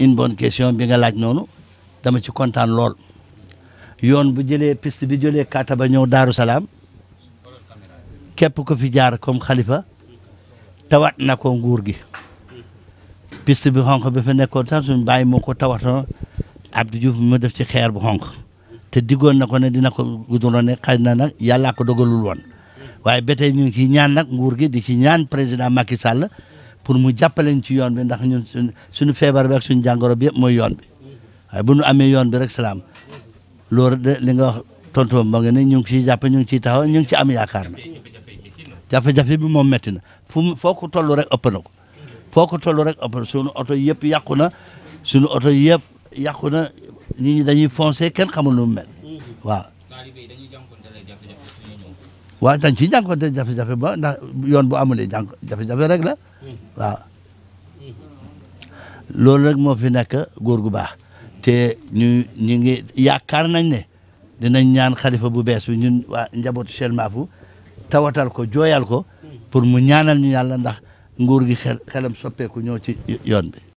une bonne question bi nga laaj noonu dama ci kontaan lool yoon bu jëlee piste bi jëlee ba ñëw Daaru Salaam képp ko fi jaar comme xalifa tawat na ko nguur gi piste bi xonq bi fa nekkoon sax suñu bàyyi moo ko tawatoon Abdou Diouf mu def ci xeer bu xonq te diggoon na ko ne dina ko guddoon ne xëy na nag yàllaa ko dogalul woon waaye ba tey ñu ñaan nag nguur gi di ci ñaan président Macky pour mu jàppaleen ci yoon bi ndax ñu suñ suñu feebar bi ak suñu jàngoro bi mooy yoon bi waaye bu nu amee yoon bi rek salaam loolu de li nga wax tonton moo ngi ne ñu ngi ciy ñu ngi ciy taxaw ñu ngi ci am yaakaar na jafe-jafe bi moom metti na fu mu foo ko toll rek ëpp na ko foo ko toll rek ëpp sunu suñu oto yëpp yàqu na suñu oto yëpp yàqu na nit ñi dañuy foncé kenn xamul nu waaye dañ ciy jànkuwante jafe-jafe ba yoon bu amulee jànk jafe-jafe rek la hmm. waaw loolu rek moo fi nekk góor gu baax te ñu ñu ngi yaakaar nañ ne dinañ ñaan xalifa bu bees bi ñun waa njabootu Cheikh Mahfou tawatal ko jooyal ko hmm. pour mu ñaanal ñu yàlla ndax nguur gi xel xelam soppeeku ñëw ci yoon bi